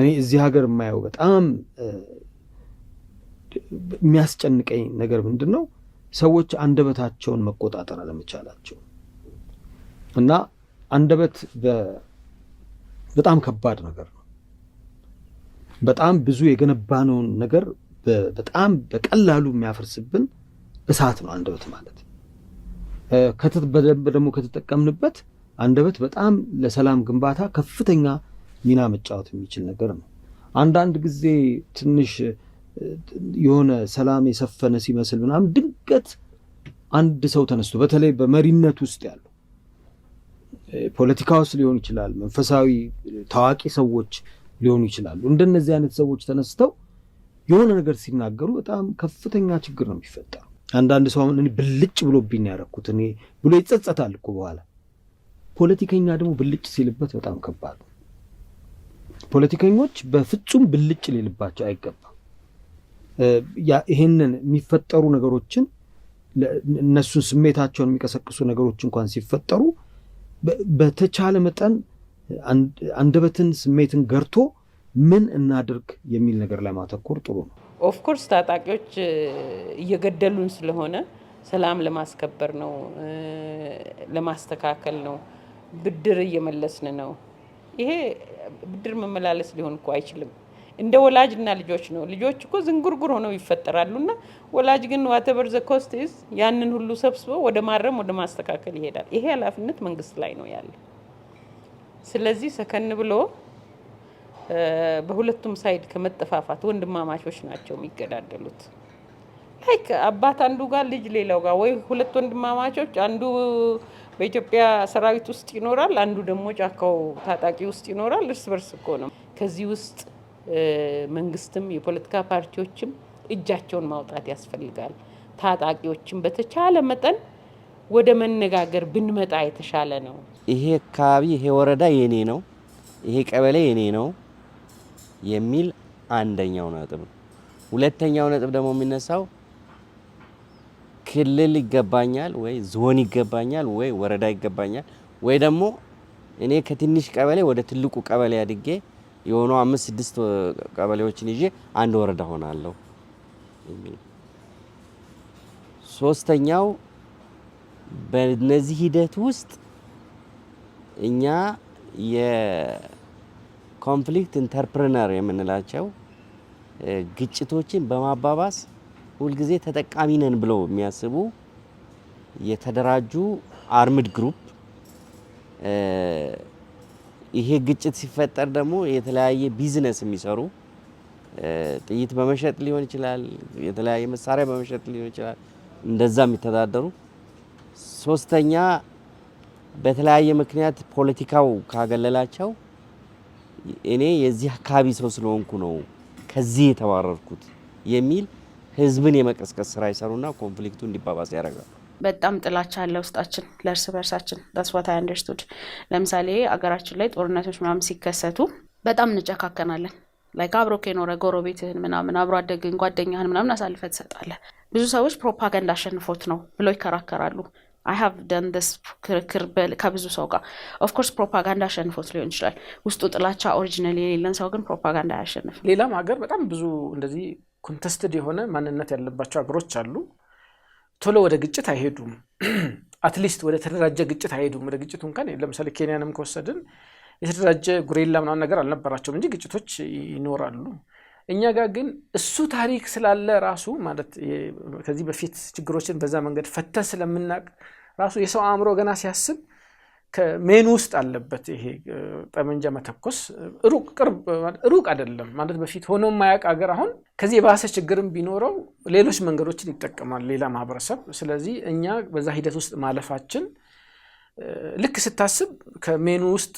እኔ እዚህ ሀገር የማየው በጣም የሚያስጨንቀኝ ነገር ምንድን ነው? ሰዎች አንደበታቸውን መቆጣጠር አለመቻላቸው እና አንደበት በጣም ከባድ ነገር ነው። በጣም ብዙ የገነባነውን ነገር በጣም በቀላሉ የሚያፈርስብን እሳት ነው አንደበት ማለት። በደንብ ደግሞ ከተጠቀምንበት አንደበት በጣም ለሰላም ግንባታ ከፍተኛ ሚና መጫወት የሚችል ነገር ነው። አንዳንድ ጊዜ ትንሽ የሆነ ሰላም የሰፈነ ሲመስል ምናምን ድንገት አንድ ሰው ተነስቶ በተለይ በመሪነት ውስጥ ያሉ ፖለቲካ ውስጥ ሊሆን ይችላል፣ መንፈሳዊ ታዋቂ ሰዎች ሊሆኑ ይችላሉ። እንደነዚህ አይነት ሰዎች ተነስተው የሆነ ነገር ሲናገሩ በጣም ከፍተኛ ችግር ነው የሚፈጠረው። አንዳንድ ሰው ብልጭ ብሎብኝ ያደረኩት እኔ ብሎ ይጸጸታል እኮ በኋላ ፖለቲከኛ ደግሞ ብልጭ ሲልበት በጣም ከባድ ነው። ፖለቲከኞች በፍጹም ብልጭ ሊልባቸው አይገባም። ይህንን የሚፈጠሩ ነገሮችን እነሱን ስሜታቸውን የሚቀሰቅሱ ነገሮች እንኳን ሲፈጠሩ በተቻለ መጠን አንደበትን፣ ስሜትን ገርቶ ምን እናድርግ የሚል ነገር ላይ ማተኮር ጥሩ ነው። ኦፍኮርስ ታጣቂዎች እየገደሉን ስለሆነ ሰላም ለማስከበር ነው፣ ለማስተካከል ነው ብድር እየመለስን ነው። ይሄ ብድር መመላለስ ሊሆን እኮ አይችልም። እንደ ወላጅና ልጆች ነው። ልጆች እኮ ዝንጉርጉር ሆነው ይፈጠራሉና ወላጅ ግን ዋተበር ዘ ኮስት ኢዝ ያንን ሁሉ ሰብስቦ ወደ ማረም ወደ ማስተካከል ይሄዳል። ይሄ ኃላፊነት መንግስት ላይ ነው ያለ። ስለዚህ ሰከን ብሎ በሁለቱም ሳይድ ከመጠፋፋት ወንድማማቾች ናቸው የሚገዳደሉት። ላይክ አባት አንዱ ጋር ልጅ ሌላው ጋር ወይ ሁለት ወንድማማቾች አንዱ በኢትዮጵያ ሰራዊት ውስጥ ይኖራል፣ አንዱ ደግሞ ጫካው ታጣቂ ውስጥ ይኖራል። እርስ በርስ እኮ ነው። ከዚህ ውስጥ መንግስትም የፖለቲካ ፓርቲዎችም እጃቸውን ማውጣት ያስፈልጋል። ታጣቂዎችም በተቻለ መጠን ወደ መነጋገር ብንመጣ የተሻለ ነው። ይሄ አካባቢ ይሄ ወረዳ የኔ ነው፣ ይሄ ቀበሌ የኔ ነው የሚል አንደኛው ነጥብ ነው። ሁለተኛው ነጥብ ደግሞ የሚነሳው ክልል ይገባኛል ወይ ዞን ይገባኛል ወይ ወረዳ ይገባኛል ወይ ደግሞ እኔ ከትንሽ ቀበሌ ወደ ትልቁ ቀበሌ አድጌ የሆኑ አምስት ስድስት ቀበሌዎችን ይዤ አንድ ወረዳ ሆናለሁ። ሶስተኛው በነዚህ ሂደት ውስጥ እኛ የኮንፍሊክት ኢንተርፕርነር የምንላቸው ግጭቶችን በማባባስ ሁልጊዜ ተጠቃሚ ነን ብለው የሚያስቡ የተደራጁ አርምድ ግሩፕ ይሄ ግጭት ሲፈጠር ደግሞ የተለያየ ቢዝነስ የሚሰሩ ጥይት በመሸጥ ሊሆን ይችላል፣ የተለያየ መሳሪያ በመሸጥ ሊሆን ይችላል። እንደዛ የሚተዳደሩ ሶስተኛ፣ በተለያየ ምክንያት ፖለቲካው ካገለላቸው እኔ የዚህ አካባቢ ሰው ስለሆንኩ ነው ከዚህ የተባረርኩት የሚል ህዝብን የመቀስቀስ ስራ ይሰሩና ኮንፍሊክቱ እንዲባባስ ያደርጋሉ በጣም ጥላቻ አለ ውስጣችን ለእርስ በርሳችን ተስፋታ አንደርስቱድ ለምሳሌ አገራችን ላይ ጦርነቶች ምናምን ሲከሰቱ በጣም እንጨካከናለን። ላይክ አብሮ ከኖረ ጎረቤትህን ምናምን አብሮ አደግን ጓደኛህን ምናምን አሳልፈ ትሰጣለህ። ብዙ ሰዎች ፕሮፓጋንዳ አሸንፎት ነው ብለው ይከራከራሉ። አይ ሃቭ ደን ስ ክርክር ከብዙ ሰው ጋር ኦፍኮርስ ፕሮፓጋንዳ አሸንፎት ሊሆን ይችላል። ውስጡ ጥላቻ ኦሪጂናል የሌለን ሰው ግን ፕሮፓጋንዳ አያሸንፍም ሌላም ሀገር በጣም ብዙ እንደዚህ ኮንተስትድ የሆነ ማንነት ያለባቸው ሀገሮች አሉ። ቶሎ ወደ ግጭት አይሄዱም። አትሊስት ወደ ተደራጀ ግጭት አይሄዱም። ወደ ግጭቱ እንኳን ለምሳሌ ኬንያንም ከወሰድን የተደራጀ ጉሬላ ምናምን ነገር አልነበራቸውም እንጂ ግጭቶች ይኖራሉ። እኛ ጋር ግን እሱ ታሪክ ስላለ ራሱ ማለት ከዚህ በፊት ችግሮችን በዛ መንገድ ፈተን ስለምናቅ ራሱ የሰው አእምሮ ገና ሲያስብ ከሜኑ ውስጥ አለበት። ይሄ ጠመንጃ መተኮስ ሩቅ ሩቅ አይደለም ማለት በፊት ሆኖ ማያቅ ሀገር አሁን ከዚህ የባሰ ችግርም ቢኖረው ሌሎች መንገዶችን ይጠቀማል ሌላ ማህበረሰብ። ስለዚህ እኛ በዛ ሂደት ውስጥ ማለፋችን ልክ ስታስብ ከሜኑ ውስጥ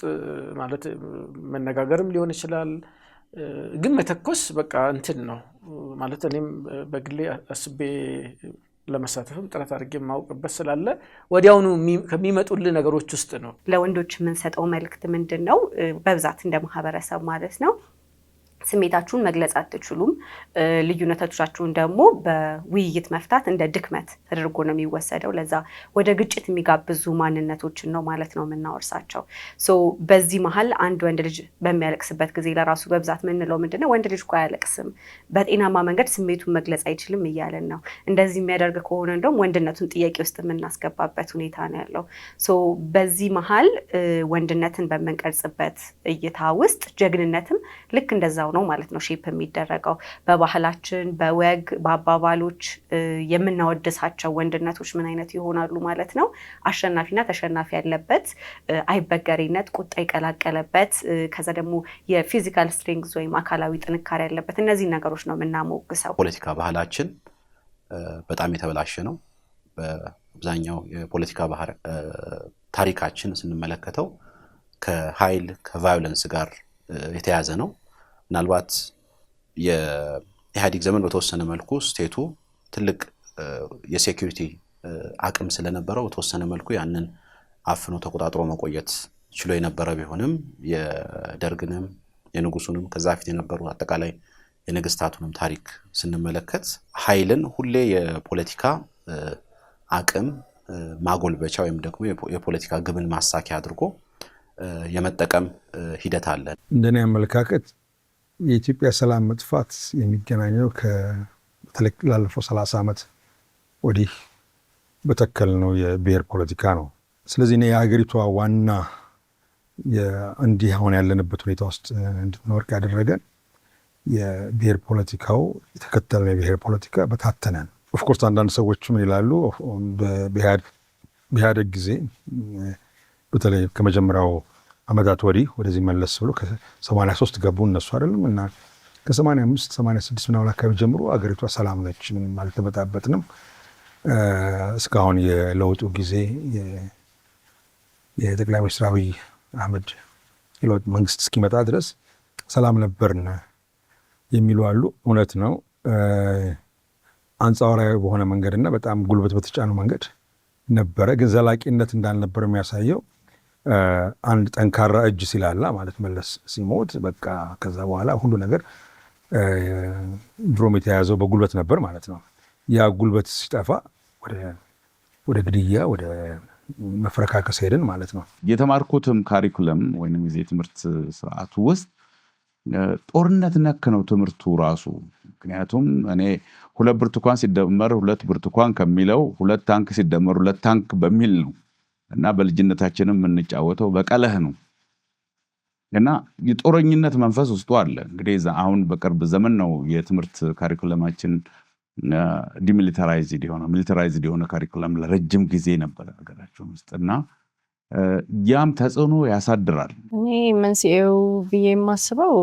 ማለት መነጋገርም ሊሆን ይችላል፣ ግን መተኮስ በቃ እንትን ነው ማለት እኔም በግሌ አስቤ ለመሳተፍም ጥረት አድርጌ የማውቅበት ስላለ ወዲያውኑ ከሚመጡል ነገሮች ውስጥ ነው። ለወንዶች የምንሰጠው መልእክት ምንድን ነው? በብዛት እንደ ማህበረሰብ ማለት ነው ስሜታችሁን መግለጽ አትችሉም። ልዩነቶቻችሁን ደግሞ በውይይት መፍታት እንደ ድክመት ተደርጎ ነው የሚወሰደው። ለዛ ወደ ግጭት የሚጋብዙ ማንነቶችን ነው ማለት ነው የምናወርሳቸው። በዚህ መሀል አንድ ወንድ ልጅ በሚያለቅስበት ጊዜ ለራሱ በብዛት ምንለው ምንድነው ወንድ ልጅ እኮ አያለቅስም፣ በጤናማ መንገድ ስሜቱን መግለጽ አይችልም እያለን ነው። እንደዚህ የሚያደርግ ከሆነ እንደውም ወንድነቱን ጥያቄ ውስጥ የምናስገባበት ሁኔታ ነው ያለው። በዚህ መሀል ወንድነትን በምንቀርጽበት እይታ ውስጥ ጀግንነትም ልክ እንደዛው ነው ማለት ነው ሼፕ የሚደረገው በባህላችን በወግ በአባባሎች የምናወድሳቸው ወንድነቶች ምን አይነት ይሆናሉ ማለት ነው። አሸናፊና ተሸናፊ ያለበት፣ አይበገሬነት፣ ቁጣ የቀላቀለበት ከዛ ደግሞ የፊዚካል ስትሪንግዝ ወይም አካላዊ ጥንካሬ ያለበት እነዚህ ነገሮች ነው የምናሞግሰው። ፖለቲካ ባህላችን በጣም የተበላሸ ነው። በአብዛኛው የፖለቲካ ታሪካችን ስንመለከተው ከኃይል ከቫዮለንስ ጋር የተያዘ ነው። ምናልባት የኢህአዲግ ዘመን በተወሰነ መልኩ ስቴቱ ትልቅ የሴኪሪቲ አቅም ስለነበረው በተወሰነ መልኩ ያንን አፍኖ ተቆጣጥሮ መቆየት ችሎ የነበረ ቢሆንም የደርግንም የንጉሱንም ከዛ ፊት የነበሩ አጠቃላይ የነገስታቱንም ታሪክ ስንመለከት ኃይልን ሁሌ የፖለቲካ አቅም ማጎልበቻ ወይም ደግሞ የፖለቲካ ግብን ማሳኪያ አድርጎ የመጠቀም ሂደት አለ። እንደኔ አመለካከት የኢትዮጵያ ሰላም መጥፋት የሚገናኘው በተለይ ላለፈው ሰላሳ ዓመት ወዲህ በተከል ነው የብሔር ፖለቲካ ነው። ስለዚህ እኔ የሀገሪቷ ዋና እንዲህ አሁን ያለንበት ሁኔታ ውስጥ እንድንወርቅ ያደረገን የብሔር ፖለቲካው የተከተልነው የብሔር ፖለቲካ በታተነን። ኦፍኮርስ አንዳንድ ሰዎች ምን ይላሉ? በኢህአዴግ ጊዜ በተለይ ከመጀመሪያው አመታት ወዲህ ወደዚህ መለስ ብሎ ከ83 ገቡ እነሱ አይደለም እና ከ85 86 ምናምን አካባቢ ጀምሮ አገሪቷ ሰላም ነች፣ ምንም አልተበጣበጥንም። እስካሁን የለውጡ ጊዜ የጠቅላይ ሚኒስትር አብይ አህመድ የለውጥ መንግስት እስኪመጣ ድረስ ሰላም ነበርን የሚሉ አሉ። እውነት ነው። አንጻራዊ በሆነ መንገድና በጣም ጉልበት በተጫኑ መንገድ ነበረ፣ ግን ዘላቂነት እንዳልነበር የሚያሳየው አንድ ጠንካራ እጅ ሲላላ ማለት መለስ ሲሞት በቃ ከዛ በኋላ ሁሉ ነገር ድሮም የተያዘው በጉልበት ነበር ማለት ነው። ያ ጉልበት ሲጠፋ ወደ ግድያ፣ ወደ መፈረካከስ ሄድን ማለት ነው። የተማርኩትም ካሪኩለም ወይም የዚህ ትምህርት ስርዓቱ ውስጥ ጦርነት ነክ ነው ትምህርቱ ራሱ። ምክንያቱም እኔ ሁለት ብርቱካን ሲደመር ሁለት ብርቱካን ከሚለው ሁለት ታንክ ሲደመር ሁለት ታንክ በሚል ነው እና በልጅነታችንም የምንጫወተው በቀለህ ነው እና የጦረኝነት መንፈስ ውስጡ አለ። እንግዲህ አሁን በቅርብ ዘመን ነው የትምህርት ካሪኩለማችን ዲሚሊታራይዝድ የሆነ ሚሊታራይዝድ የሆነ ካሪኩለም ለረጅም ጊዜ ነበር ሀገራችን ውስጥ እና ያም ተጽዕኖ ያሳድራል። እኔ መንስኤው ብዬ የማስበው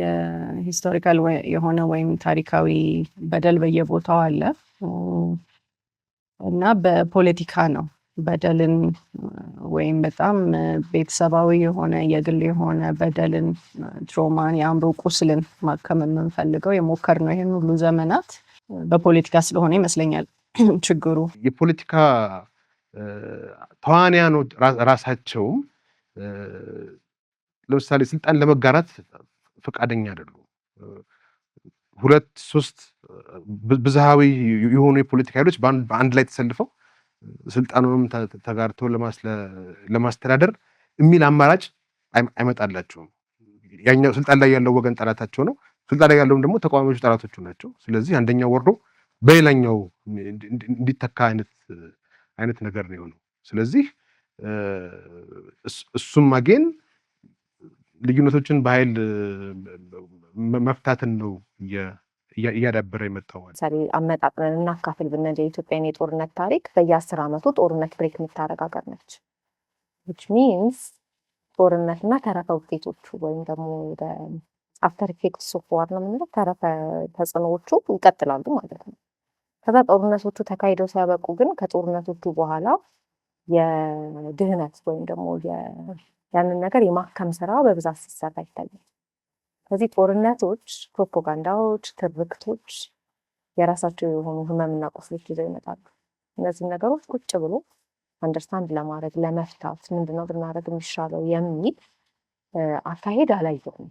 የሂስቶሪካል የሆነ ወይም ታሪካዊ በደል በየቦታው አለ እና በፖለቲካ ነው በደልን ወይም በጣም ቤተሰባዊ የሆነ የግል የሆነ በደልን፣ ትሮማን፣ የአእምሮ ቁስልን ማከም የምንፈልገው ነው። ይህን ሁሉ ዘመናት በፖለቲካ ስለሆነ ይመስለኛል ችግሩ። የፖለቲካ ተዋንያኑ ራሳቸውም ለምሳሌ ስልጣን ለመጋራት ፈቃደኛ አይደሉም። ሁለት ሶስት ብዝሃዊ የሆኑ የፖለቲካ ኃይሎች በአንድ ላይ ተሰልፈው ስልጣኑንም ተጋርቶ ለማስተዳደር የሚል አማራጭ አይመጣላቸውም። ያኛው ስልጣን ላይ ያለው ወገን ጠላታቸው ነው። ስልጣን ላይ ያለውም ደግሞ ተቃዋሚዎቹ ጠላቶቹ ናቸው። ስለዚህ አንደኛው ወርዶ በሌላኛው እንዲተካ አይነት ነገር ነው የሆነው። ስለዚህ እሱም አጌን ልዩነቶችን በኃይል መፍታትን ነው እያዳበረ የመጣው ለምሳሌ አመጣጥነን እናካፍል ብንል የኢትዮጵያን የጦርነት ታሪክ በየአስር ዓመቱ ጦርነት ብሬክ የምታደርግ ሀገር ነች። ዊች ሚንስ ጦርነትና ተረፈ ውጤቶቹ ወይም ደግሞ አፍተር ኢፌክትስ ሶፍዋር ነው የምንለው ተረፈ ተጽዕኖዎቹ ይቀጥላሉ ማለት ነው። ከዛ ጦርነቶቹ ተካሂደው ሲያበቁ ግን ከጦርነቶቹ በኋላ የድህነት ወይም ደግሞ ያንን ነገር የማከም ስራ በብዛት ሲሰራ ይታያል። ከዚህ ጦርነቶች፣ ፕሮፓጋንዳዎች፣ ትርክቶች የራሳቸው የሆኑ ህመምና ቁስሎች ይዘው ይመጣሉ። እነዚህ ነገሮች ቁጭ ብሎ አንደርስታንድ ለማድረግ ለመፍታት ምንድነው ብናደረግ የሚሻለው የሚል አካሄድ አላየውም።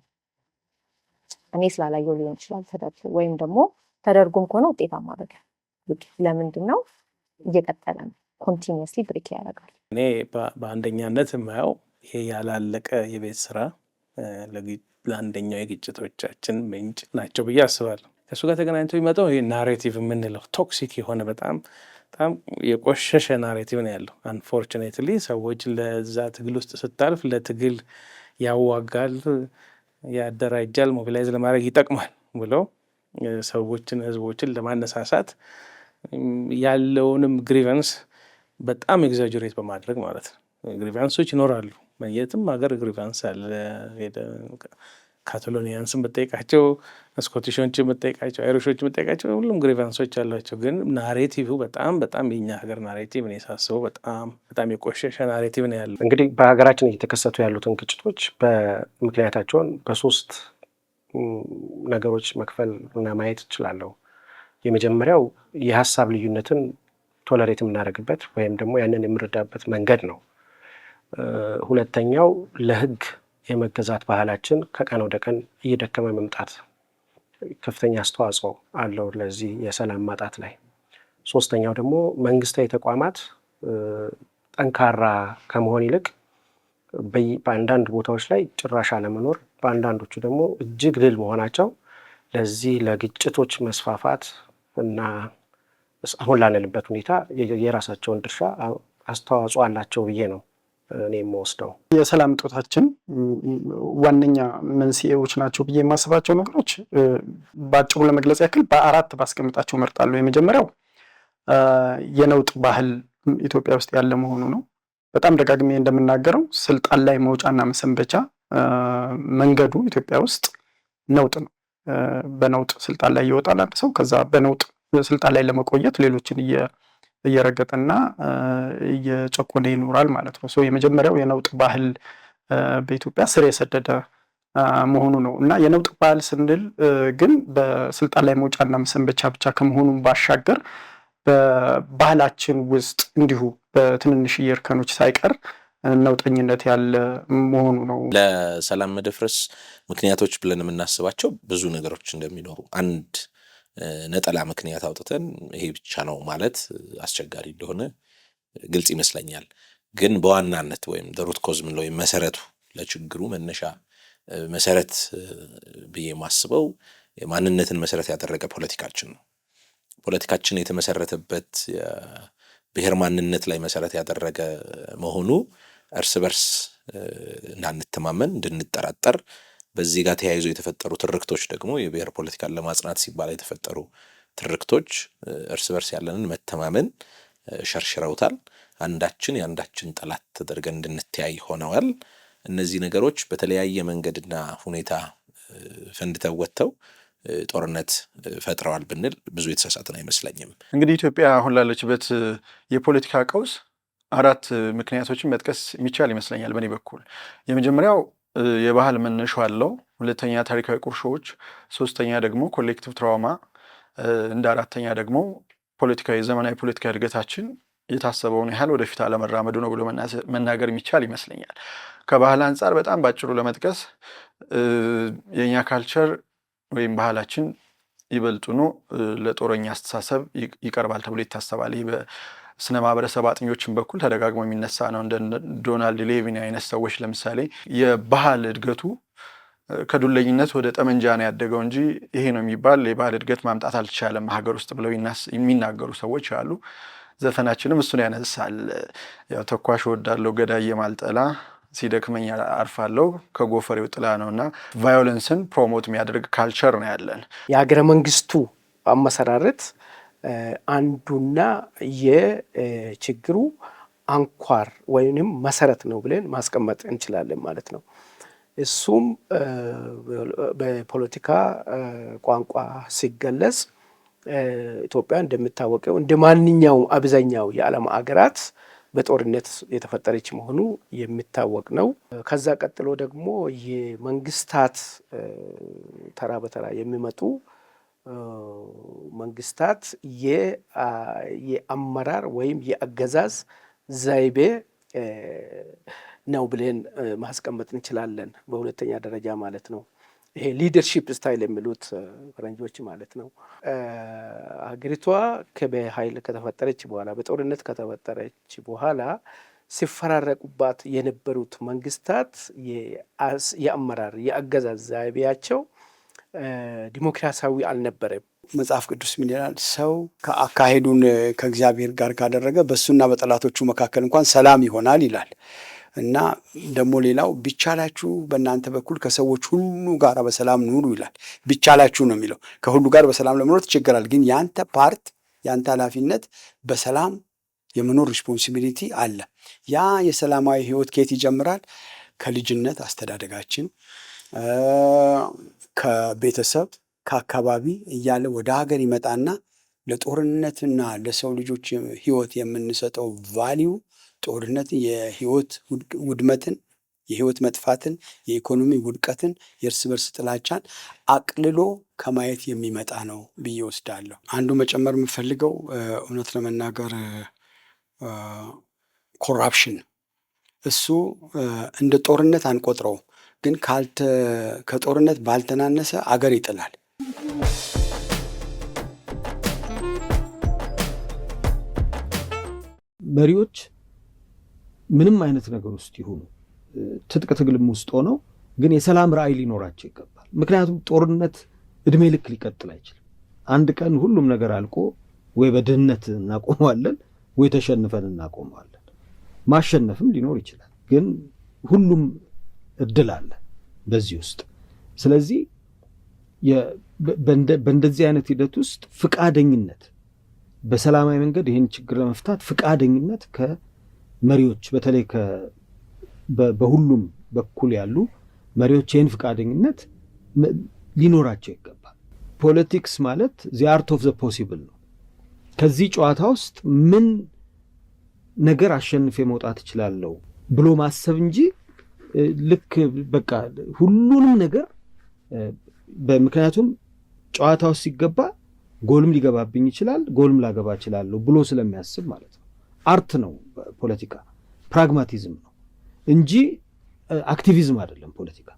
እኔ ስላላየው ሊሆን ይችላል ተደርጎ ወይም ደግሞ ተደርጎም ከሆነ ውጤታ ማድረግ ለምንድን ነው እየቀጠለ ነው ኮንቲኒስሊ ብሬክ ያደርጋል። እኔ በአንደኛነት የማየው ይሄ ያላለቀ የቤት ስራ ለአንደኛው የግጭቶቻችን ምንጭ ናቸው ብዬ አስባለሁ። ከእሱ ጋር ተገናኝቶ የሚመጣው ይህ ናሬቲቭ የምንለው ቶክሲክ የሆነ በጣም በጣም የቆሸሸ ናሬቲቭ ነው ያለው። አንፎርችኔትሊ ሰዎች ለዛ ትግል ውስጥ ስታልፍ ለትግል ያዋጋል፣ ያደራጃል፣ ሞቢላይዝ ለማድረግ ይጠቅማል ብለው ሰዎችን፣ ህዝቦችን ለማነሳሳት ያለውንም ግሪቨንስ በጣም ኤግዛጅሬት በማድረግ ማለት ነው ግሪቨንሶች ይኖራሉ። የትም ሀገር ግሪቫንስ አለ። ካታሎኒያንስ ብጠይቃቸው፣ ስኮቲሾችን ብጠይቃቸው፣ አይሮሾች ብጠይቃቸው ሁሉም ግሪቫንሶች አሏቸው። ግን ናሬቲቭ በጣም በጣም የኛ ሀገር ናሬቲቭ ነው ሳስበው በጣም በጣም የቆሸሸ ናሬቲቭ ነው ያለው። እንግዲህ በሀገራችን እየተከሰቱ ያሉትን ግጭቶች በምክንያታቸውን በሶስት ነገሮች መክፈል እና ማየት እችላለሁ። የመጀመሪያው የሀሳብ ልዩነትን ቶለሬት የምናደርግበት ወይም ደግሞ ያንን የምንረዳበት መንገድ ነው። ሁለተኛው ለህግ የመገዛት ባህላችን ከቀን ወደ ቀን እየደከመ መምጣት ከፍተኛ አስተዋጽኦ አለው ለዚህ የሰላም ማጣት ላይ። ሶስተኛው ደግሞ መንግስታዊ ተቋማት ጠንካራ ከመሆን ይልቅ በአንዳንድ ቦታዎች ላይ ጭራሽ አለመኖር፣ በአንዳንዶቹ ደግሞ እጅግ ድል መሆናቸው ለዚህ ለግጭቶች መስፋፋት እና አሁን ላለንበት ሁኔታ የራሳቸውን ድርሻ አስተዋጽኦ አላቸው ብዬ ነው እኔ የምወስደው። የሰላም እጦታችን ዋነኛ መንስኤዎች ናቸው ብዬ የማስባቸው ነገሮች በአጭሩ ለመግለጽ ያክል በአራት ባስቀምጣቸው መርጣሉ የመጀመሪያው የነውጥ ባህል ኢትዮጵያ ውስጥ ያለ መሆኑ ነው። በጣም ደጋግሜ እንደምናገረው ስልጣን ላይ መውጫና መሰንበቻ መንገዱ ኢትዮጵያ ውስጥ ነውጥ ነው። በነውጥ ስልጣን ላይ ይወጣል አንድ ሰው። ከዛ በነውጥ ስልጣን ላይ ለመቆየት ሌሎችን እየረገጠና እየጨቆነ ይኖራል ማለት ነው። የመጀመሪያው የነውጥ ባህል በኢትዮጵያ ስር የሰደደ መሆኑ ነው እና የነውጥ ባህል ስንል ግን በስልጣን ላይ መውጫና መሰንበቻ ብቻ ከመሆኑን ባሻገር በባህላችን ውስጥ እንዲሁ በትንንሽ እርከኖች ሳይቀር ነውጠኝነት ያለ መሆኑ ነው። ለሰላም መደፍረስ ምክንያቶች ብለን የምናስባቸው ብዙ ነገሮች እንደሚኖሩ አንድ ነጠላ ምክንያት አውጥተን ይሄ ብቻ ነው ማለት አስቸጋሪ እንደሆነ ግልጽ ይመስለኛል። ግን በዋናነት ወይም ደሩት ኮዝ ምንለው ወይም መሰረቱ ለችግሩ መነሻ መሰረት ብዬ የማስበው የማንነትን መሰረት ያደረገ ፖለቲካችን ነው። ፖለቲካችን የተመሰረተበት ብሔር ማንነት ላይ መሰረት ያደረገ መሆኑ እርስ በርስ እንዳንተማመን፣ እንድንጠራጠር በዚህ ጋር ተያይዞ የተፈጠሩ ትርክቶች ደግሞ የብሔር ፖለቲካን ለማጽናት ሲባል የተፈጠሩ ትርክቶች እርስ በርስ ያለንን መተማመን ሸርሽረውታል። አንዳችን የአንዳችን ጠላት ተደርገን እንድንተያይ ሆነዋል። እነዚህ ነገሮች በተለያየ መንገድና ሁኔታ ፈንድተው ወጥተው ጦርነት ፈጥረዋል ብንል ብዙ የተሳሳትን አይመስለኝም። እንግዲህ ኢትዮጵያ አሁን ላለችበት የፖለቲካ ቀውስ አራት ምክንያቶችን መጥቀስ የሚቻል ይመስለኛል በእኔ በኩል የመጀመሪያው የባህል መነሾ አለው። ሁለተኛ ታሪካዊ ቁርሾዎች፣ ሶስተኛ ደግሞ ኮሌክቲቭ ትራውማ፣ እንደ አራተኛ ደግሞ ፖለቲካዊ ዘመናዊ ፖለቲካዊ እድገታችን የታሰበውን ያህል ወደፊት አለመራመዱ ነው ብሎ መናገር የሚቻል ይመስለኛል። ከባህል አንጻር በጣም ባጭሩ ለመጥቀስ የእኛ ካልቸር ወይም ባህላችን ይበልጡኑ ለጦረኛ አስተሳሰብ ይቀርባል ተብሎ ይታሰባል። ስነ ማህበረሰብ አጥኞችን በኩል ተደጋግሞ የሚነሳ ነው። እንደ ዶናልድ ሌቪን አይነት ሰዎች ለምሳሌ የባህል እድገቱ ከዱለኝነት ወደ ጠመንጃ ነው ያደገው እንጂ ይሄ ነው የሚባል የባህል እድገት ማምጣት አልቻለም ሀገር ውስጥ ብለው የሚናገሩ ሰዎች አሉ። ዘፈናችንም እሱን ያነሳል። ያው ተኳሽ ወዳለው ገዳይ የማልጠላ ሲደክመኝ አርፋለው ከጎፈሬው ጥላ ነው እና ቫዮለንስን ፕሮሞት የሚያደርግ ካልቸር ነው ያለን የሀገረ መንግስቱ አመሰራረት አንዱና የችግሩ አንኳር ወይም መሰረት ነው ብለን ማስቀመጥ እንችላለን ማለት ነው። እሱም በፖለቲካ ቋንቋ ሲገለጽ ኢትዮጵያ እንደሚታወቀው እንደ ማንኛውም አብዛኛው የዓለም አገራት በጦርነት የተፈጠረች መሆኑ የሚታወቅ ነው። ከዛ ቀጥሎ ደግሞ የመንግስታት ተራ በተራ የሚመጡ መንግስታት የአመራር ወይም የአገዛዝ ዘይቤ ነው ብለን ማስቀመጥ እንችላለን። በሁለተኛ ደረጃ ማለት ነው ይሄ ሊደርሺፕ ስታይል የሚሉት ፈረንጆች ማለት ነው። ሀገሪቷ በኃይል ከተፈጠረች በኋላ በጦርነት ከተፈጠረች በኋላ ሲፈራረቁባት የነበሩት መንግስታት የአመራር የአገዛዝ ዘይቤያቸው ዲሞክራሲያዊ አልነበረም። መጽሐፍ ቅዱስ ምን ይላል? ሰው ከአካሄዱን ከእግዚአብሔር ጋር ካደረገ በእሱና በጠላቶቹ መካከል እንኳን ሰላም ይሆናል ይላል። እና ደግሞ ሌላው ቢቻላችሁ በእናንተ በኩል ከሰዎች ሁሉ ጋር በሰላም ኑሩ ይላል። ቢቻላችሁ ነው የሚለው። ከሁሉ ጋር በሰላም ለመኖር ትቸገራል፣ ግን ያንተ ፓርት ያንተ ኃላፊነት በሰላም የመኖር ሪስፖንሲቢሊቲ አለ። ያ የሰላማዊ ህይወት ከየት ይጀምራል? ከልጅነት አስተዳደጋችን ከቤተሰብ ከአካባቢ እያለ ወደ ሀገር ይመጣና ለጦርነትና ለሰው ልጆች ህይወት የምንሰጠው ቫሊዩ ጦርነት የህይወት ውድመትን የህይወት መጥፋትን የኢኮኖሚ ውድቀትን የእርስ በርስ ጥላቻን አቅልሎ ከማየት የሚመጣ ነው ብዬ ወስዳለሁ። አንዱ መጨመር የምፈልገው እውነት ለመናገር ኮራፕሽን እሱ እንደ ጦርነት አንቆጥረው ግን ከጦርነት ባልተናነሰ አገር ይጥላል። መሪዎች ምንም አይነት ነገር ውስጥ ይሁኑ ትጥቅ ትግልም ውስጥ ሆነው ግን የሰላም ራዕይ ሊኖራቸው ይገባል። ምክንያቱም ጦርነት እድሜ ልክ ሊቀጥል አይችልም። አንድ ቀን ሁሉም ነገር አልቆ ወይ በድህነት እናቆመዋለን ወይ ተሸንፈን እናቆመዋለን። ማሸነፍም ሊኖር ይችላል ግን ሁሉም እድል አለ በዚህ ውስጥ። ስለዚህ በእንደዚህ አይነት ሂደት ውስጥ ፍቃደኝነት፣ በሰላማዊ መንገድ ይህን ችግር ለመፍታት ፍቃደኝነት ከመሪዎች በተለይ በሁሉም በኩል ያሉ መሪዎች ይህን ፍቃደኝነት ሊኖራቸው ይገባል። ፖለቲክስ ማለት ዚ አርት ኦፍ ዘ ፖሲብል ነው። ከዚህ ጨዋታ ውስጥ ምን ነገር አሸንፌ መውጣት እችላለሁ ብሎ ማሰብ እንጂ ልክ በቃ ሁሉንም ነገር በምክንያቱም ጨዋታ ውስጥ ሲገባ ጎልም ሊገባብኝ ይችላል፣ ጎልም ላገባ እችላለሁ ብሎ ስለሚያስብ ማለት ነው። አርት ነው ፖለቲካ፣ ፕራግማቲዝም ነው እንጂ አክቲቪዝም አይደለም። ፖለቲካ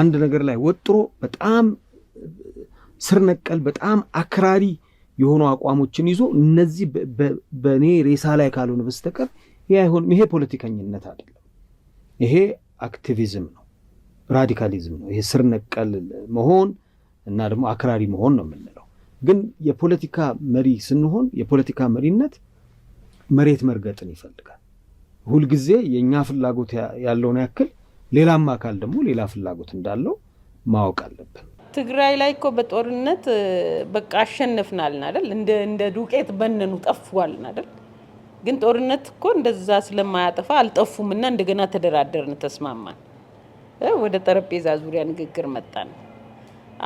አንድ ነገር ላይ ወጥሮ በጣም ስር ነቀል በጣም አክራሪ የሆኑ አቋሞችን ይዞ እነዚህ በእኔ ሬሳ ላይ ካልሆነ በስተቀር ይሄ አይሆንም። ይሄ ፖለቲከኝነት አይደለም። ይሄ አክቲቪዝም ነው፣ ራዲካሊዝም ነው። ይሄ ስር ነቀል መሆን እና ደግሞ አክራሪ መሆን ነው የምንለው። ግን የፖለቲካ መሪ ስንሆን የፖለቲካ መሪነት መሬት መርገጥን ይፈልጋል። ሁልጊዜ የእኛ ፍላጎት ያለውን ያክል ሌላም አካል ደግሞ ሌላ ፍላጎት እንዳለው ማወቅ አለብን። ትግራይ ላይ እኮ በጦርነት በቃ አሸነፍናልን አይደል? እንደ ዱቄት በነኑ ጠፉዋልን አይደል? ግን ጦርነት እኮ እንደዛ ስለማያጠፋ አልጠፉምና እንደገና ተደራደርን፣ ተስማማን፣ ወደ ጠረጴዛ ዙሪያ ንግግር መጣን።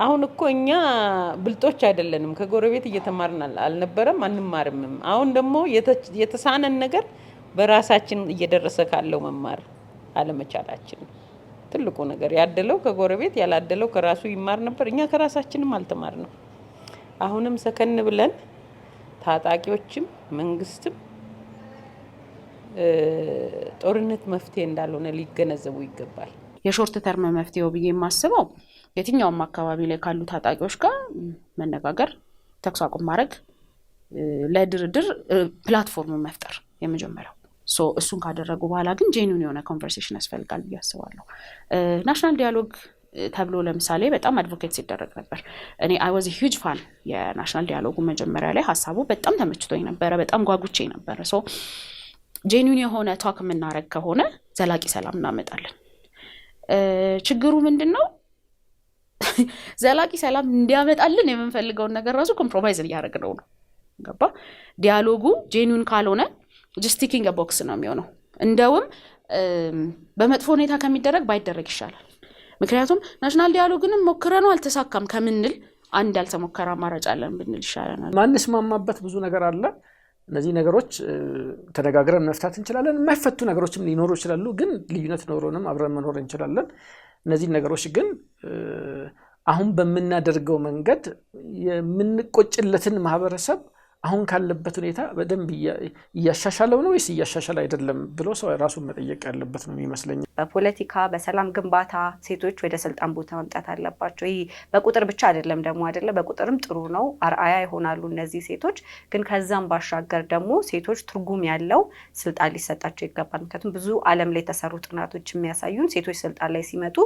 አሁን እኮ እኛ ብልጦች አይደለንም። ከጎረቤት እየተማርን አልነበረም፣ አንማርምም። አሁን ደግሞ የተሳነን ነገር በራሳችን እየደረሰ ካለው መማር አለመቻላችን ትልቁ ነገር። ያደለው ከጎረቤት ያላደለው ከራሱ ይማር ነበር። እኛ ከራሳችንም አልተማር ነው። አሁንም ሰከን ብለን ታጣቂዎችም መንግስትም ጦርነት መፍትሄ እንዳልሆነ ሊገነዘቡ ይገባል። የሾርት ተርም መፍትሄው ብዬ የማስበው የትኛውም አካባቢ ላይ ካሉ ታጣቂዎች ጋር መነጋገር፣ ተኩስ አቁም ማድረግ፣ ለድርድር ፕላትፎርም መፍጠር የመጀመሪያው። እሱን ካደረጉ በኋላ ግን ጄኒን የሆነ ኮንቨርሴሽን ያስፈልጋል ብዬ አስባለሁ። ናሽናል ዲያሎግ ተብሎ ለምሳሌ በጣም አድቮኬት ሲደረግ ነበር። እኔ አይ ዋዝ ሂውጅ ፋን የናሽናል ዲያሎጉ መጀመሪያ ላይ ሀሳቡ በጣም ተመችቶኝ ነበረ፣ በጣም ጓጉቼ ነበረ ጄኒን የሆነ ታክ የምናደረግ ከሆነ ዘላቂ ሰላም እናመጣለን። ችግሩ ምንድን ነው? ዘላቂ ሰላም እንዲያመጣልን የምንፈልገውን ነገር ራሱ ኮምፕሮማይዝ እያደረግነው ነው። ገባ? ዲያሎጉ ጄኒን ካልሆነ ጅስቲኪንግ ቦክስ ነው የሚሆነው። እንደውም በመጥፎ ሁኔታ ከሚደረግ ባይደረግ ይሻላል። ምክንያቱም ናሽናል ዲያሎግንም ነው አልተሳካም ከምንል አንድ ያልተሞከረ አማራጭ አለን ብንል ይሻለናል። ማንስማማበት ብዙ ነገር አለ። እነዚህ ነገሮች ተነጋግረን መፍታት እንችላለን። የማይፈቱ ነገሮችም ሊኖሩ ይችላሉ፣ ግን ልዩነት ኖሮንም አብረን መኖር እንችላለን። እነዚህ ነገሮች ግን አሁን በምናደርገው መንገድ የምንቆጭለትን ማህበረሰብ አሁን ካለበት ሁኔታ በደንብ እያሻሻለው ነው ወይስ እያሻሻለ አይደለም ብሎ ሰው ራሱን መጠየቅ ያለበት ነው የሚመስለኝ። በፖለቲካ በሰላም ግንባታ ሴቶች ወደ ስልጣን ቦታ መምጣት አለባቸው። ይህ በቁጥር ብቻ አይደለም ደግሞ አይደለም፣ በቁጥርም ጥሩ ነው፣ አርአያ ይሆናሉ እነዚህ ሴቶች። ግን ከዛም ባሻገር ደግሞ ሴቶች ትርጉም ያለው ስልጣን ሊሰጣቸው ይገባል። ምክንያቱም ብዙ ዓለም ላይ የተሰሩ ጥናቶች የሚያሳዩን ሴቶች ስልጣን ላይ ሲመጡ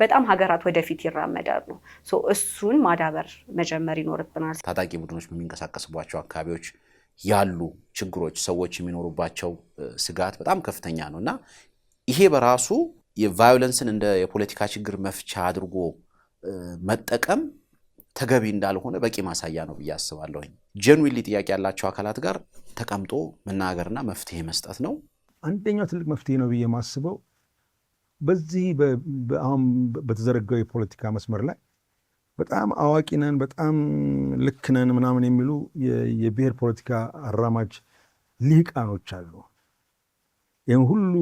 በጣም ሀገራት ወደፊት ይራመዳሉ። እሱን ማዳበር መጀመር ይኖርብናል። ታጣቂ ቡድኖች በሚንቀሳቀስባቸው አካባቢዎች ያሉ ችግሮች፣ ሰዎች የሚኖሩባቸው ስጋት በጣም ከፍተኛ ነው እና ይሄ በራሱ የቫዮለንስን እንደ የፖለቲካ ችግር መፍቻ አድርጎ መጠቀም ተገቢ እንዳልሆነ በቂ ማሳያ ነው ብዬ አስባለሁኝ። ጀንዊሊ ጥያቄ ያላቸው አካላት ጋር ተቀምጦ መናገርና መፍትሄ መስጠት ነው አንደኛው ትልቅ መፍትሄ ነው ብዬ የማስበው። በዚህ አሁን በተዘረጋው የፖለቲካ መስመር ላይ በጣም አዋቂ ነን፣ በጣም ልክ ነን ምናምን የሚሉ የብሔር ፖለቲካ አራማጅ ሊቃኖች አሉ። ይህም ሁሉ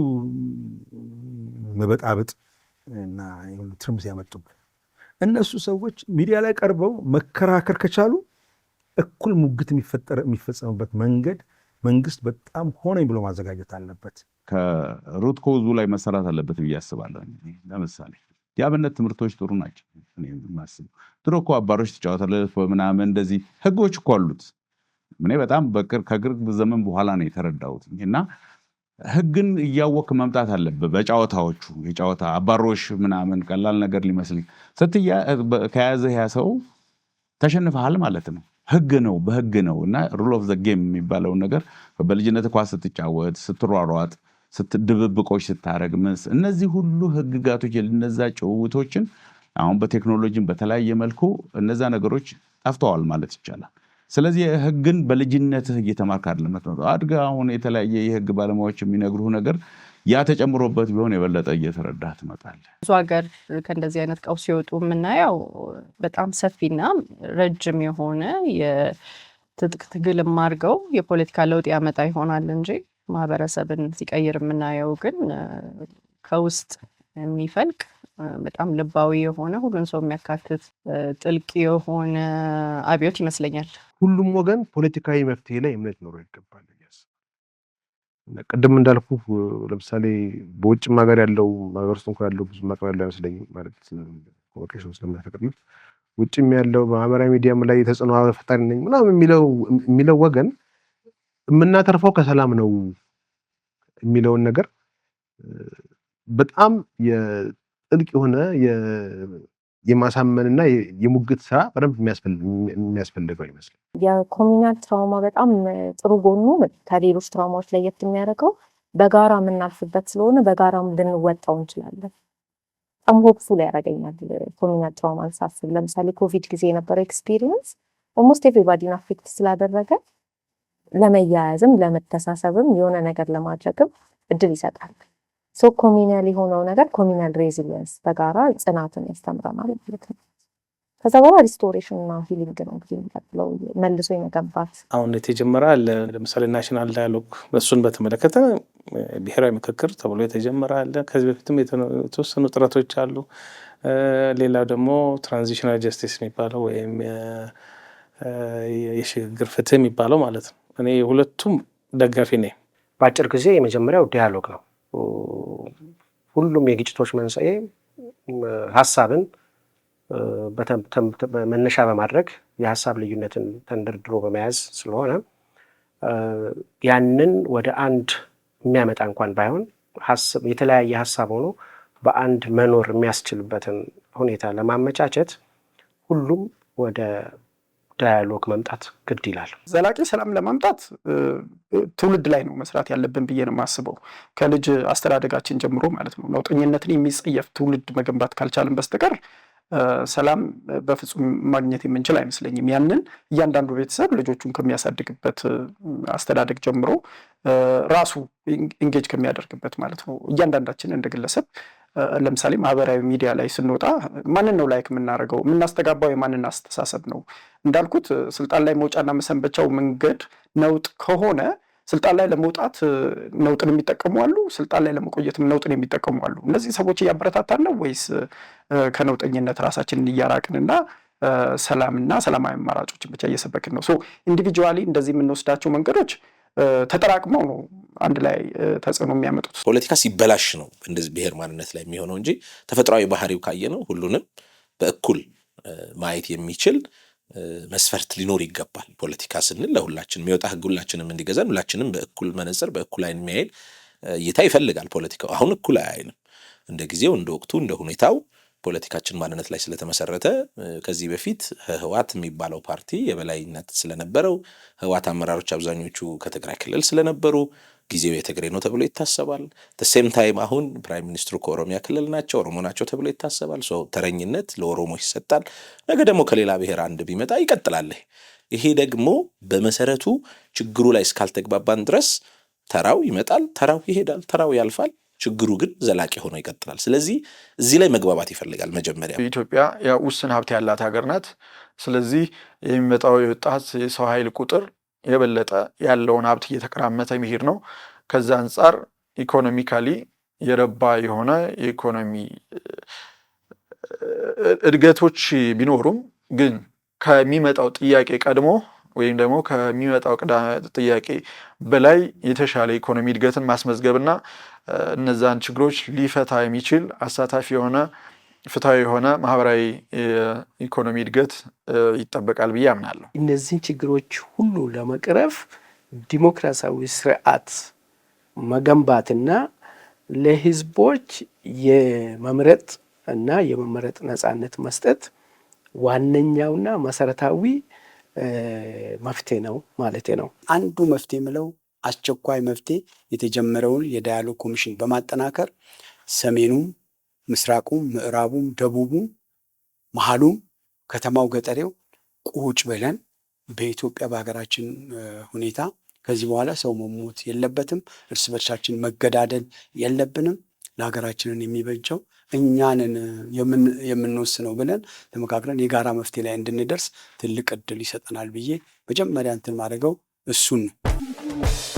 መበጣበጥ እና ሁሉ ትርምስ ያመጡብን እነሱ ሰዎች ሚዲያ ላይ ቀርበው መከራከር ከቻሉ እኩል ሙግት የሚፈጸምበት መንገድ መንግስት በጣም ሆነኝ ብሎ ማዘጋጀት አለበት። ከሩት ኮዙ ላይ መሰራት አለበት ብዬ አስባለሁ። ለምሳሌ የአብነት ትምህርቶች ጥሩ ናቸው። ማስበው ድሮ እኮ አባሮች ተጫወታለህ ምናምን እንደዚህ ህጎች እኮ አሉት። እኔ በጣም ከቅርብ ዘመን በኋላ ነው የተረዳሁት እና ህግን እያወቅ መምጣት አለብህ። በጨዋታዎቹ የጨዋታ አባሮሽ ምናምን ቀላል ነገር ሊመስል ስትያ ከያዘህ ያ ሰው ተሸንፈሃል ማለት ነው። ህግ ነው፣ በህግ ነው እና ሩል ኦፍ ዘ ጌም የሚባለውን ነገር በልጅነት ኳስ ስትጫወት ስትሯሯጥ ድብብቆች ስታደረግ ምስ እነዚህ ሁሉ ህግጋቶች እነዛ ጭውውቶችን አሁን በቴክኖሎጂን በተለያየ መልኩ እነዛ ነገሮች ጠፍተዋል ማለት ይቻላል። ስለዚህ ህግን በልጅነት እየተማርክ አይደለም ነው አድገህ አሁን የተለያየ የህግ ባለሙያዎች የሚነግሩህ ነገር ያ ተጨምሮበት ቢሆን የበለጠ እየተረዳህ ትመጣለህ። ብዙ ሀገር ከእንደዚህ አይነት ቀውስ ሲወጡ የምናየው በጣም ሰፊና ረጅም የሆነ የትጥቅ ትግል አድርገው የፖለቲካ ለውጥ ያመጣ ይሆናል እንጂ ማህበረሰብን ሲቀይር የምናየው ግን ከውስጥ የሚፈልቅ በጣም ልባዊ የሆነ ሁሉን ሰው የሚያካትት ጥልቅ የሆነ አብዮት ይመስለኛል። ሁሉም ወገን ፖለቲካዊ መፍትሄ ላይ እምነት ኖሮ ይገባል። ቅድም እንዳልኩ ለምሳሌ በውጭም ሀገር ያለው ሀገር ውስጥ እንኳ ያለው ብዙ ማቅረብ ያለው አይመስለኝም። ማለት ኮሚኒኬሽን ስለማይፈቅድ ውጭም ያለው በማህበራዊ ሚዲያም ላይ ተጽዕኖ ፈጣሪ ነኝ ምናምን የሚለው ወገን የምናተርፈው ከሰላም ነው የሚለውን ነገር በጣም የጥልቅ የሆነ የማሳመንና የሙግት ስራ በደንብ የሚያስፈልገው ይመስላል። የኮሚናል ትራውማ በጣም ጥሩ ጎኑ ከሌሎች ትራውማዎች ለየት የሚያደርገው በጋራ የምናልፍበት ስለሆነ በጋራም ልንወጣው እንችላለን። በጣም ሆፕፉል ያደርገኛል ኮሚናል ትራውማን ሳስብ። ለምሳሌ ኮቪድ ጊዜ የነበረው ኤክስፒሪየንስ ኦልሞስት ኤቭሪባዲን አፌክት ስላደረገ ለመያያዝም ለመተሳሰብም የሆነ ነገር ለማድረግም እድል ይሰጣል። ሶ ኮሚናል የሆነው ነገር ኮሚናል ሬዚሊየንስ በጋራ ጽናትን ያስተምረናል ማለት ነው። ከዛ በኋላ ሪስቶሬሽን እና ሂሊንግ ነው እንግዲህ የሚቀጥለው መልሶ የመገንባት አሁን እንዴት ይጀምራል? ለምሳሌ ናሽናል ዳያሎግ እሱን በተመለከተ ብሔራዊ ምክክር ተብሎ የተጀመረ አለ። ከዚህ በፊትም የተወሰኑ ጥረቶች አሉ። ሌላው ደግሞ ትራንዚሽናል ጀስቲስ የሚባለው ወይም የሽግግር ፍትህ የሚባለው ማለት ነው እኔ ሁለቱም ደጋፊ ነኝ። በአጭር ጊዜ የመጀመሪያው ዲያሎግ ነው። ሁሉም የግጭቶች መንስኤ ሀሳብን መነሻ በማድረግ የሀሳብ ልዩነትን ተንደርድሮ በመያዝ ስለሆነ ያንን ወደ አንድ የሚያመጣ እንኳን ባይሆን የተለያየ ሀሳብ ሆኖ በአንድ መኖር የሚያስችልበትን ሁኔታ ለማመቻቸት ሁሉም ወደ ዳያሎግ መምጣት ግድ ይላል። ዘላቂ ሰላም ለማምጣት ትውልድ ላይ ነው መስራት ያለብን ብዬ ነው የማስበው። ከልጅ አስተዳደጋችን ጀምሮ ማለት ነው። ነውጠኝነትን የሚጸየፍ ትውልድ መገንባት ካልቻልን በስተቀር ሰላም በፍጹም ማግኘት የምንችል አይመስለኝም። ያንን እያንዳንዱ ቤተሰብ ልጆቹን ከሚያሳድግበት አስተዳደግ ጀምሮ ራሱ ኢንጌጅ ከሚያደርግበት ማለት ነው እያንዳንዳችን እንደ ግለሰብ ለምሳሌ ማህበራዊ ሚዲያ ላይ ስንወጣ ማንን ነው ላይክ የምናደርገው? የምናስተጋባው የማንን አስተሳሰብ ነው? እንዳልኩት ስልጣን ላይ መውጫና መሰንበቻው መንገድ ነውጥ ከሆነ ስልጣን ላይ ለመውጣት ነውጥን የሚጠቀሙ አሉ። ስልጣን ላይ ለመቆየትም ነውጥን የሚጠቀሙ አሉ። እነዚህ ሰዎች እያበረታታን ነው ወይስ ከነውጠኝነት ራሳችንን እያራቅንና ሰላምና ሰላማዊ አማራጮችን ብቻ እየሰበክን ነው? ኢንዲቪጁዋሊ እንደዚህ የምንወስዳቸው መንገዶች ተጠራቅመው ነው አንድ ላይ ተጽዕኖ የሚያመጡት። ፖለቲካ ሲበላሽ ነው እንደዚህ ብሔር ማንነት ላይ የሚሆነው እንጂ ተፈጥሯዊ ባህሪው ካየ ነው ሁሉንም በእኩል ማየት የሚችል መስፈርት ሊኖር ይገባል። ፖለቲካ ስንል ለሁላችን የሚወጣ ህግ ሁላችንም እንዲገዛን ሁላችንም በእኩል መነጽር በእኩል አይን የሚያይል እይታ ይፈልጋል። ፖለቲካው አሁን እኩል አይንም እንደ ጊዜው እንደ ወቅቱ እንደ ሁኔታው ፖለቲካችን ማንነት ላይ ስለተመሰረተ ከዚህ በፊት ህወሓት የሚባለው ፓርቲ የበላይነት ስለነበረው ህወሓት አመራሮች አብዛኞቹ ከትግራይ ክልል ስለነበሩ ጊዜው የትግሬ ነው ተብሎ ይታሰባል። ተሴም ታይም አሁን ፕራይም ሚኒስትሩ ከኦሮሚያ ክልል ናቸው፣ ኦሮሞ ናቸው ተብሎ ይታሰባል። ሰው ተረኝነት ለኦሮሞ ይሰጣል። ነገ ደግሞ ከሌላ ብሔር አንድ ቢመጣ ይቀጥላል። ይሄ ደግሞ በመሰረቱ ችግሩ ላይ እስካልተግባባን ድረስ ተራው ይመጣል፣ ተራው ይሄዳል፣ ተራው ያልፋል። ችግሩ ግን ዘላቂ ሆኖ ይቀጥላል። ስለዚህ እዚህ ላይ መግባባት ይፈልጋል። መጀመሪያ ኢትዮጵያ ያው ውስን ሀብት ያላት ሀገር ናት። ስለዚህ የሚመጣው የወጣት የሰው ኃይል ቁጥር የበለጠ ያለውን ሀብት እየተቀራመተ መሄድ ነው። ከዛ አንጻር ኢኮኖሚካሊ የረባ የሆነ የኢኮኖሚ እድገቶች ቢኖሩም ግን ከሚመጣው ጥያቄ ቀድሞ ወይም ደግሞ ከሚመጣው ቅዳ ጥያቄ በላይ የተሻለ ኢኮኖሚ እድገትን ማስመዝገብና እነዛን ችግሮች ሊፈታ የሚችል አሳታፊ የሆነ ፍትሐዊ የሆነ ማህበራዊ ኢኮኖሚ እድገት ይጠበቃል ብዬ አምናለሁ። እነዚህን ችግሮች ሁሉ ለመቅረፍ ዲሞክራሲያዊ ስርዓት መገንባትና ለህዝቦች የመምረጥ እና የመመረጥ ነፃነት መስጠት ዋነኛውና መሰረታዊ መፍትሄ ነው ማለት ነው። አንዱ መፍትሄ የምለው አስቸኳይ መፍትሄ የተጀመረውን የዳያሎግ ኮሚሽን በማጠናከር ሰሜኑም፣ ምስራቁም፣ ምዕራቡም፣ ደቡቡም፣ መሀሉም፣ ከተማው፣ ገጠሬው ቁጭ ብለን በኢትዮጵያ በሀገራችን ሁኔታ ከዚህ በኋላ ሰው መሞት የለበትም። እርስ በርሳችን መገዳደል የለብንም። ለሀገራችንን የሚበጀው እኛንን የምንወስነው ብለን ተመካክረን የጋራ መፍትሄ ላይ እንድንደርስ ትልቅ እድል ይሰጠናል ብዬ መጀመሪያ እንትን ማድረገው እሱን ነው።